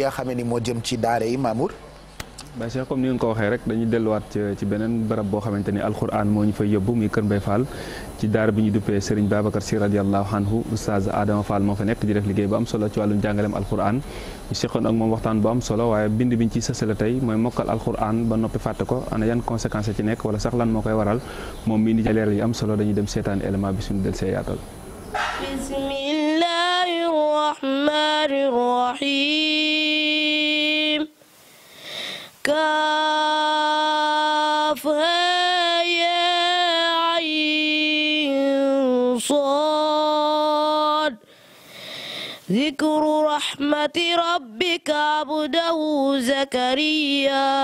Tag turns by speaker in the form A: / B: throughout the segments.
A: li nga xamee ni moo jëm ci daara yi Mamour.
B: Baye Cheikh comme ni nga ko waxee rek dañuy delluwaat ci beneen barab boo xamante ni alquran moo ñu fay yóbbu muy Kër Mbaye Fall ci daara bi ñu duppee Serigne Babacar Sy radiallahu anhu oustaz Adama Fall moo fa nekk di def liggéey bu am solo ci wàllum jàngaleem alquran ñu seqoon ak moom waxtaan bu am solo waaye bind biñ ci sësale tey mooy mokkal alquran ba noppi fàtte ko ana yan conséquences ci nekk wala sax lan moo koy waral moom mi indi leeral yu am solo dañuy dem seetaan élément bi suñu del see yaatal
C: الأحد ذكر رحمة ربك عبده زكريا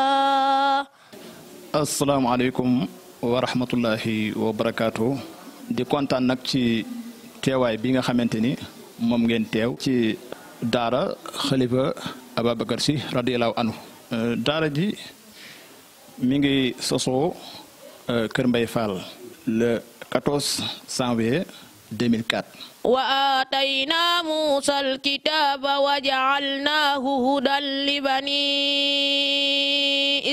A: asalaamaaleykum wa rahmatullahi wa barakaatu di kontaan nag ci teewaay bi nga xamante ni moom ngeen teew ci daara xalifa Ababacar Sy radiyallahu anhu daara ji mi ngi soso Kër Mbay Fall le 14 janvier
C: 2004 وآتينا موسى الكتاب وجعلناه هدى لبني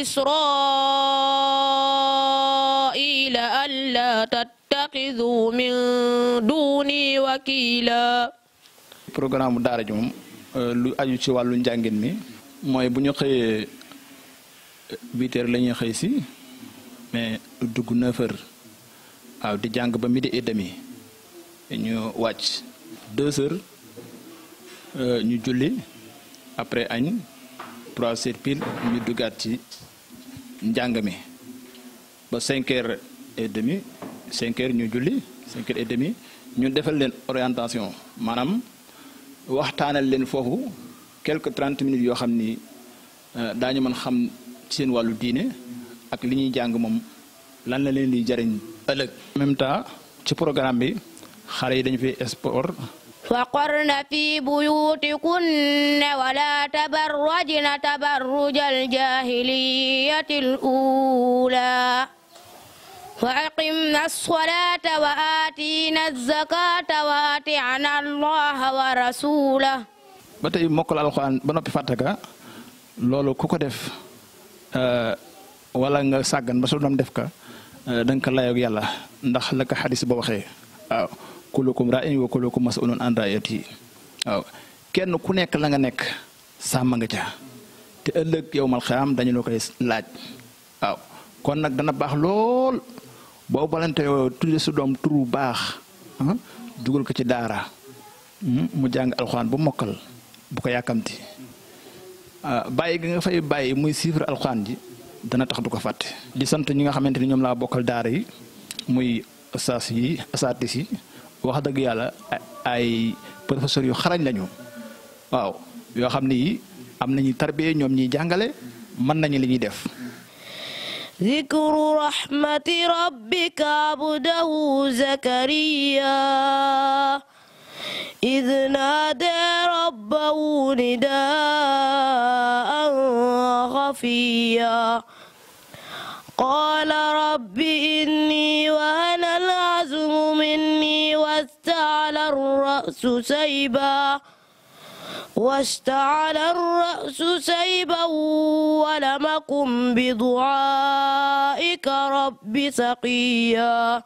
C: إسرائيل ألا تتخذوا من دوني وكيلا
A: programme daara ji euh, lu aju ci wàllu njàngin mi mooy bu ñu xëyee euh, huit heures la xëy si mais dugg neuf waaw di jàng ba midi et demi ñu wàcc deux heures euh, ñu julli après añ trois heures pile ñu duggaat ci njàng mi ba cinq heures et demi cinq heures ñu julli cinq heures et demi ñu defal leen orientation maanaam waxtaanal leen foofu quelque trente minutes yoo xam ni euh, daañu mën xam seen wàllu diine ak li ñuy jàng moom lan la leen di jariñ ëllëg en même temps ci programme bi xale yi dañu fi sport
C: wa qarna fi buyutikunna wala tabarrajna tabarrujal jahiliyatil ula wa aqimna as wa atina az-zakata wa atina allaha
A: ba tey mokkal alxuraan ba noppi fàttaka loolu ku ko def euh, wala nga sàggan ba su doom def ka euh, da nga ndax la ko xadis ba waxee kullukum ra'in wa kullukum mas'ulun an ra'iyati waaw kenn ku nekk la nga nekk sàmm nga ca te ëllëg yow mal xiyaam dañu la koy laaj waaw kon nag dana baax lool boo balante tudde su doom turu baax dugal ko ci daara mu jàng alxuraan bu mokkal bu ko yàkkamti ah, bàyyi gi nga fay bàyyi muy siifre alxuraan ji dana tax du ko fàtte di sant ñi nga xamante ni ñoom laa bokkal daara yi muy saas yi asaatis yi wax dëgg yàlla ay professeurs yu xarañ lañu waaw yoo xam ni am nañu tarbiye ñoom ñuy jàngale man nañu li ñuy def.
C: Zikru rahmati rabbika abdahu Zakariya idh naadaa rabbahu nidaa'an khafiyya qaala rabbi inni الرأس سيبا واشتعل الرأس سيبا ولمكم بدعائك رب سقيا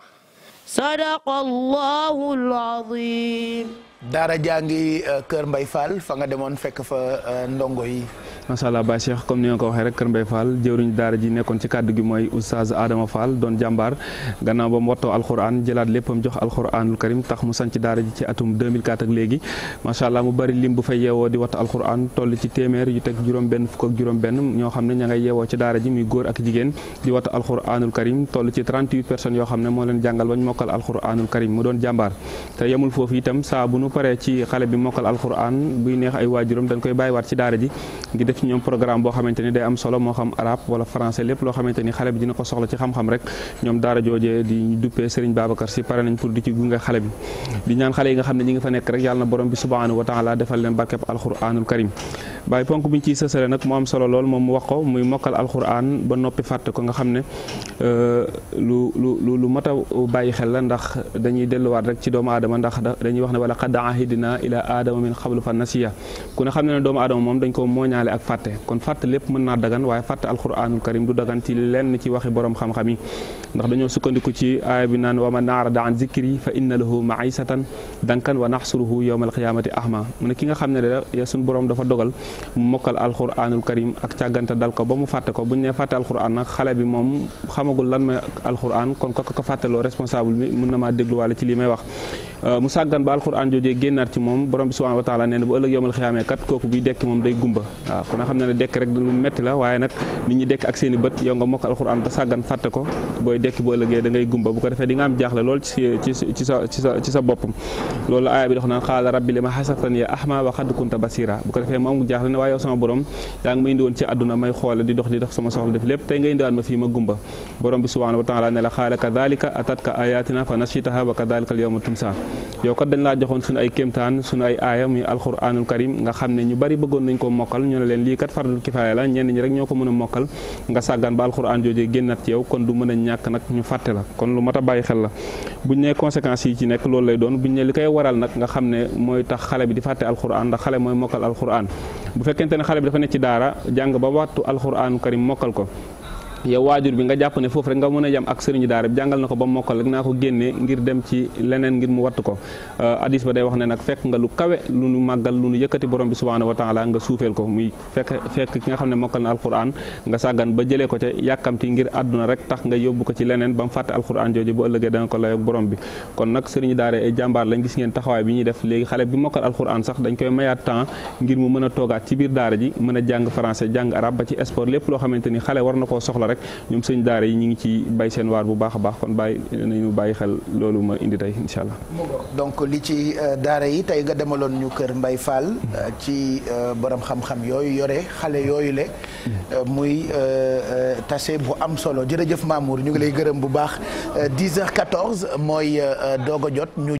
C: صدق الله العظيم
A: daara jaa ngi Kër Mbay Fall fa nga demoon fekk fa ndongo
B: yi macha allah Baye Cheikh comme ni nga ko waxee rek Kër Mbaye Fall jëwriñ daara ji nekkoon ci kàddu gi mooy oustaz Adama Fall doon jàmbaar gannaaw ba mu wattoo alxuraan jëlaat léppam jox alxuraanul karim tax mu sanc daara ji ci atum 2004 léegi macha allah mu bari lim bu fay yeewoo di wattu alxuraan toll ci téeméer yu teg juróom benn fukk juróom benn ñoo xam ne ña ngay yeewoo ci daara ji muy góor ak jigéen di wattu alxuraanul karim toll ci 38 personnes moo leen jàngal bañ mokkal alxuraanul karim mu doon jàmbaar bi mokkal alxuraan buy neex ay waajuram dañ koy bàyyiwaat ci ñoom programme boo xamante day am solo moo xam arabe wala français lépp loo xamante xale bi dina ko soxla ci xam-xam rek ñoom daara jooje di duppee Serigne Babacar si pare nañ pour di ci gunge xale bi di ñaan xale yi nga xam ne ñi ngi fa nekk rek yàlla na borom bi subhanahu wa taala defal leen barkeb alquranul karim bàyyi ponk bi ñu ci sësale nag mu am solo lool moom mu wax ko muy mokkal alxuraan ba noppi fàtte ko nga xam ne euh, lu lu lu mat bàyyi xel la ndax dañuy delluwaat rek ci doomu aadama ndax da dañuy wax ne wala qad ahidna ila aadama min xablu fa nasiya ku ne xam ne ne doomu aadama moom dañ ko mooñaale ak fàtte kon fàtt lépp mën naa dagan waaye fàtte alxuraanul karim du dagan ci lenn ci waxi borom xam-xam yi ndax dañoo sukkandiku ci aaya bi naan wa man arada an zikri fa inna lahu maisatan dankan wa naxsuruhu yowma alqiyamati ahma mu ne ki nga xam ne de suñu borom dafa dogal mu mokkal alquranul karim ak càggante dal ko ba mu fàtte ko buñ ne fàtte alquran nag xale bi moom xamagul lan mooy alquran kon ko ko fàttaloo responsable bi mun na maa dégluwaale ci lii may wax Euh, mu sàggan ba alxuraan joojee génnaat ci moom borom bi subhaanahu wa taala nee na bu ëllëg yomal xiyaamee kat kooku buy dekk moom day gumba gumba bu ko defee di nga am jaaxle lool ci loolu la aaya bi dox naan xaala rabbi li ma xasartani ya ahma wa xad kunta basira bu ko defee mu am jaaxle ne waaye yow sama borom yaa ma indi woon yow ko dañ laa joxoon suñu ay kéemtaan suñu ay aaya muy alxuraanul karim nga xam ne ñu bari bëggoon nañ ko mokkal ñu ne leen lii kat fardul kifaaya la ñenn ñi rek ñoo ko mën a mokkal nga sàggan ba alxuraan joojee génnat ci yow kon du mën a ñàkk nag ñu fàtte la kon lu mata bàyyi xel la buñ ne conséquences yi ci nekk loolu lay doon bu ñu ne li koy waral nag nga xam ne mooy tax xale bi di fàtte alxuraan ndax xale mooy mokkal alxuraan bu fekkente ne xale bi dafa nekk ci daara jàng ba waxtu alxuraanul karim mokkal ko yow waajur bi nga jàpp ne foofu rek nga mën a yem ak sëriñu daara bi jàngal na ko ba mokkal euh, nag fekk nga lu kawe lu nu màggal lu nu yëkkati borom bi subhanahu wa taala nga ko muy fekk fekk ki nga xam ne mokkal na ko ca yàkkamti ngir ba mu fàtte alquran jooju bu ëllëgee danga ko layoog borom bi kon nag sëriñu daara ay jàmbaar lañ gis ngeen taxawaay bi ñuy def a toogaat ci biir daara ji mën a jàng lépp loo xamante ni xale war na koo soxla rek rek ñoom sëñ daara yi ñu ngi ci bay seen waar bu baax a baax kon bàyyi nañu bàyyi xel loolu ma indi tey incha allah.
A: donc li ci euh, daara yi tey nga demaloon ñu kër Mbay faal euh, ci euh, borom xam-xam yooyu yore xale yooyu le muy tase bu am solo jërëjëf Mamour ñu ngi lay gërëm bu baax 10h14 mooy doog jot ñu